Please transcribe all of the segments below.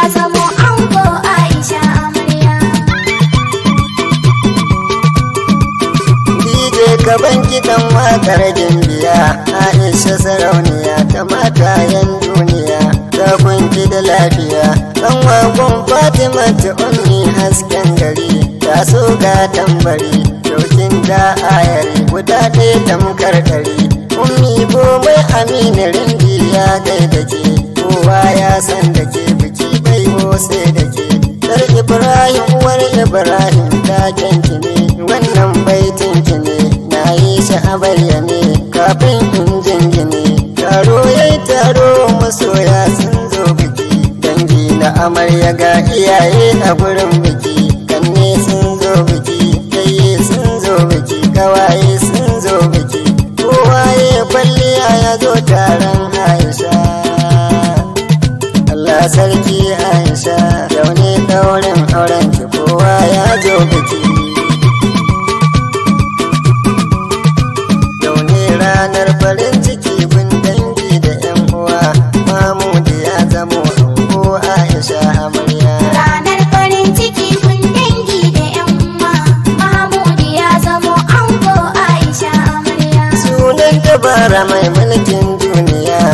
Aisha gaban kiɗan wakar dimbiya aisha sarauniya ta mata yan duniya ta kunki da lafiya kan fatima ta ummi hasken gari ta so ga tambari dokin da ayari guda ɗaya tamkar ɗari ummi komai amina rindi ya gaidake, kowa ya san da ke sai da ke Sar Ibrahim uwar Ibrahim ta ki ne wannan baitin ki ne na yi shi a bayyane kafin in jingine taro yayi taro masoya sun zo biki dangi na amarya ga iyaye a gurin biki sarki aisha yau ne daurin auren ki kowa ya zo biki yau ne ranar farin ciki bin dangi da yan uwa mamu da ya zamo ango aisha amarya ranar farin da yan uwa amarya sunan dabara mai mulkin duniya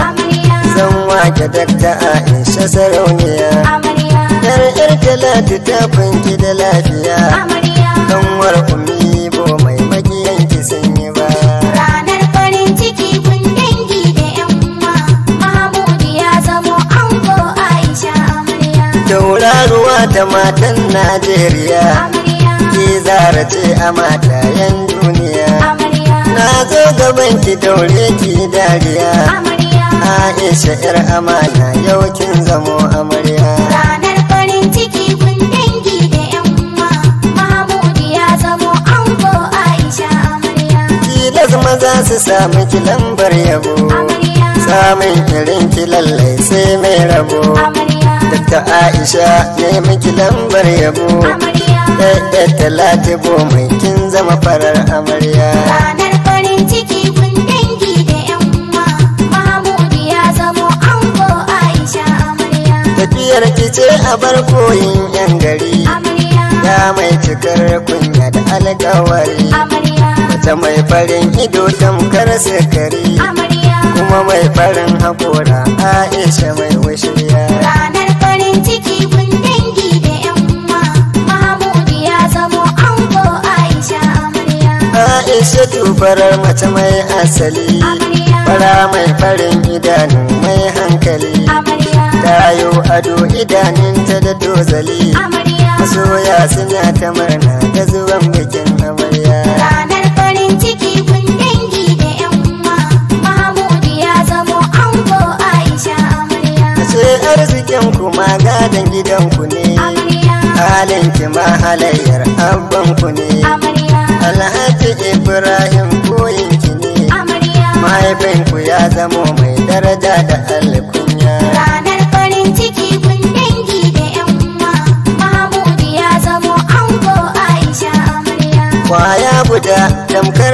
zan wake dakta Aisha sarauniya Yar yar talatu ta fanki da lafiya Kanwar umi bo mai makiyan ki sanyi ba Ranar farin ciki kun dangi da yan uwa ya zamo ango Aisha amarya ruwa da matan Najeriya Ki zara ce a matayen duniya Na zo gaban ki daure ki dariya Aisha yar amana yau kin zamo amarya. Ranar farin ciki kun dangi da yan uwa, Mahamudu ya zamo ango Aisha amarya. Tilas maza su sami ki lambar yabo. Samun irin ki lallai sai mai rabo. Dukka Aisha ne miki lambar yabo. Ɗaya talati mai kin zama farar amarya. a bar koyin yan gari ya mai cikar kunya da alkawari mace mai farin ido tamkar sakari kuma mai farin haƙora aisha mai washiya ranar farin ciki kun da yan uwa mahamudu zamo ango aisha aisha tubarar mace mai asali fara mai farin idanu mai hankali tayo ado idaninta da dozali soya suna ta murna ta zuwan bikin amarya ranar farin ciki kun dangi da yan uwa mahamudu ya zamo ango aisha amarya arzikin kuma gadon gidanku ne halin ki ma halayyar ne alhaji ibrahim koyin ki ne mahaifinku ya zamo mai daraja da allah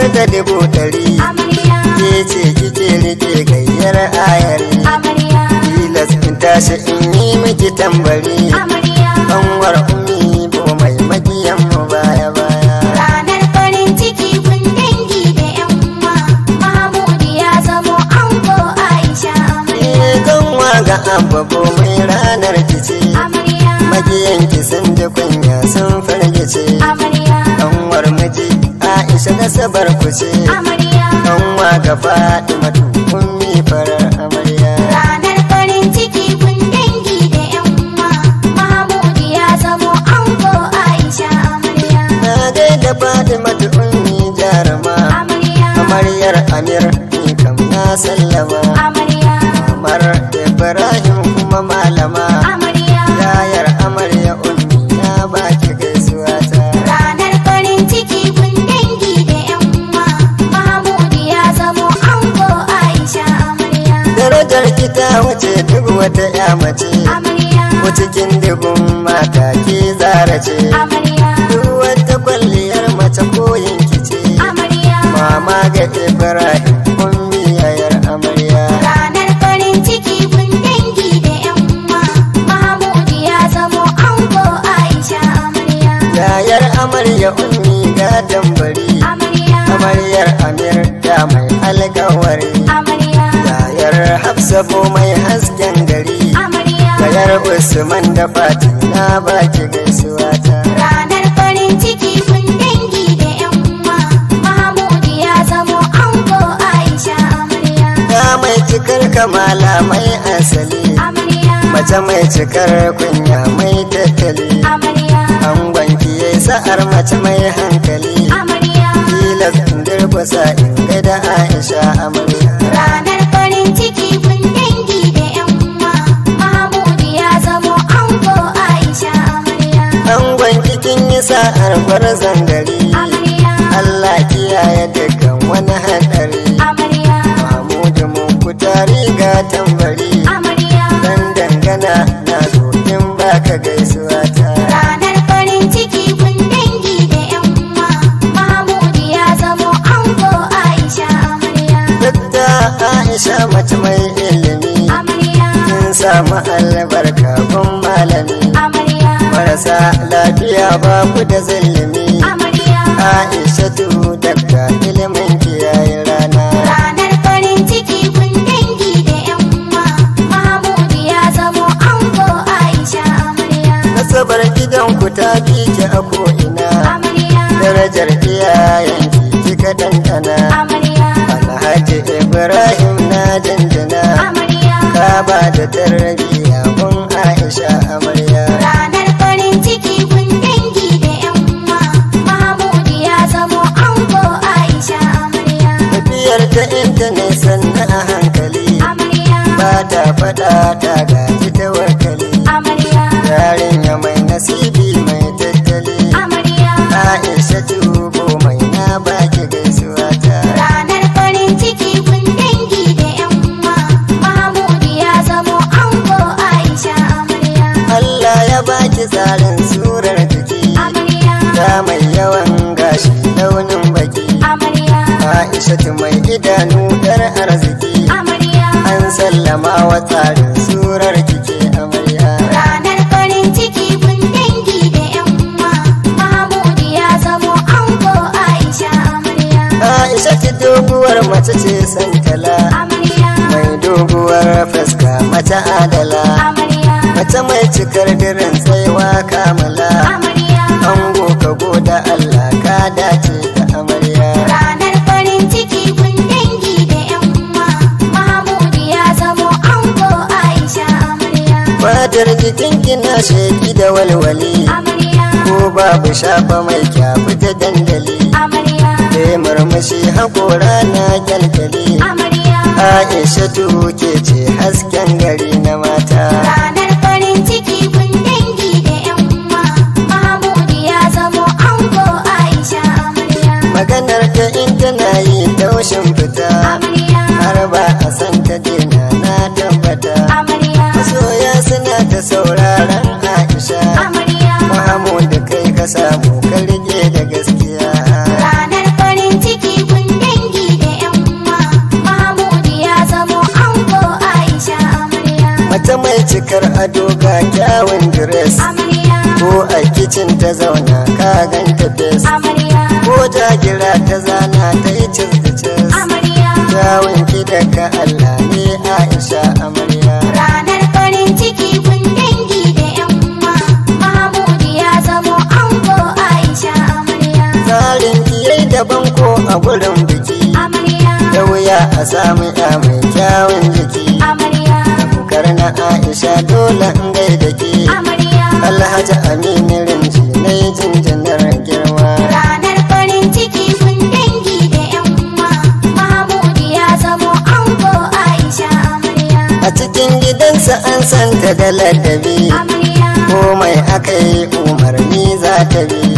da dubu ɗari ke ce kike rike gayyar ayar tilas in tashi in yi miki tambari jabar kuce kanwa ga faɗi madubin mi farar amarya ranar farin ciki kun dangi da yan uwa mahamudu ya zamo ango aisha amarya na gaida faɗi madubin mi jarama amaryar amir ni kam na sallama amarya kamar ibrahim ce duk ta kwalliyar mace koyin kice mama ga ibrahim kun biyayar amarya ranar farin ciki kun dangi da yan uwa ya zamo ango aisha amarya yayar amarya ummi ga dambari amaryar amir da mai alkawari yayar hafsa mai hasken Usman da fatan na baki gaisuwa ta. Ranar farin ciki sun dangi da yan uwa, Mahmud ya zamo ango Aisha amarya. mai cikar kamala mai asali. Amarya. Mace mai cikar kunya mai tattali. Amarya. Angon kiye sa'ar mace mai hankali. Amarya. Tilas in durkusa in ga da Aisha amarya. bisa bar zangari Allah kiyaye daga wani haɗari. Mahmudu mun kutari ga tambari Dan dangana na zo in baka gaisuwa ta Ranar farin ciki kun dangi da yan uwa Mahmudu ya zamo ango Aisha amarya da Aisha mace mai ilimi sun samu albarka gun malami Kasa lafiya ba ku da zallumi aisha tu daga ilimin kiyaye rana ranar farin ciki kun dangi da yan Mahamudu ya zamo ango aisha amarya nasabar gidan ku ta fi ki a ko'ina darajar iyayen ki kika alhaji ibrahim na jinjina ka ba da tarbiyya ta intanet sannan a hankali ba ta fada ta gaji ta yarin yarinya mai nasibi mai tattali aisha tubo mai na baki gaisuwa ta ranar farin ciki kun dangi da yamma uwa ya zamo ango aisha amarya allah ya baki tsarin surar jiki ta mai yawan gashi launin aishatu mai idanu yar arziki an sallama wa tsarin surar kike amarya ranar farin ciki kun dangi da yan uwa mahmud ya zamo ango aisha amarya aishatu doguwar mace ce san fatar jikin na sheki da walwali ko babu shafa mai kyafi ta dandali kai murmushi haƙora na kyalkyali aisha tuke ce hasken gari na mata ado ga kyawun dress ko a kicin ta zauna ka ta fes ko jagira ta zana ta yi cis kyawun kida ka Allah ne Aisha amarya ranar farin ciki kun dangi da yan uwa Mahmud ya zamo ango Aisha amarya tsarin kiyai daban ko a gurin biki da wuya a samu ya mai kyawun jiki Aisha dole in gaida ke Alhaji Aminu Rinji na yi jinjinar girma Ranar farin ciki mun dangi da yan uwa Mahmudu ya zamo ango Aisha amarya A cikin gidansa an santa da ladabi Komai aka yi umarni za ta bi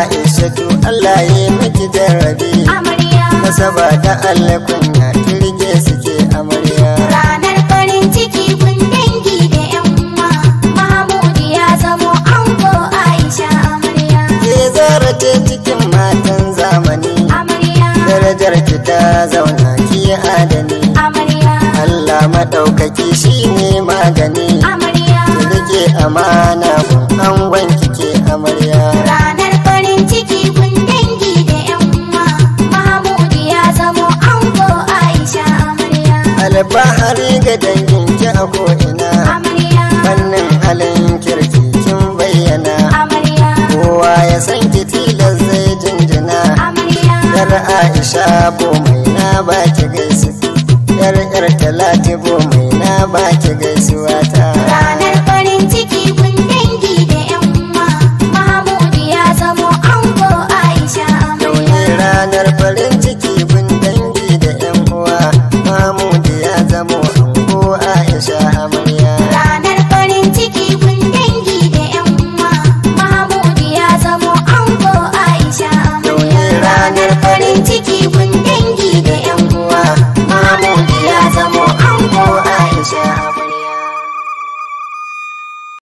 Aisha to Allah ya miki jarabi Amarya Masaba ta Allah kun ta zauna ki adani Allah maɗaukaki shi ne magani ki rike amana mun an wanki ke amarya ranar farin ciki kun dangi da yan uwa Mahmudu ya zamo ango Aisha amarya ga dangin ki a ko ina fannin halin kirki kin bayyana kowa ya san ki tila aisha mai na baki gaisu yar yar talati mai na baki gaisuwa ta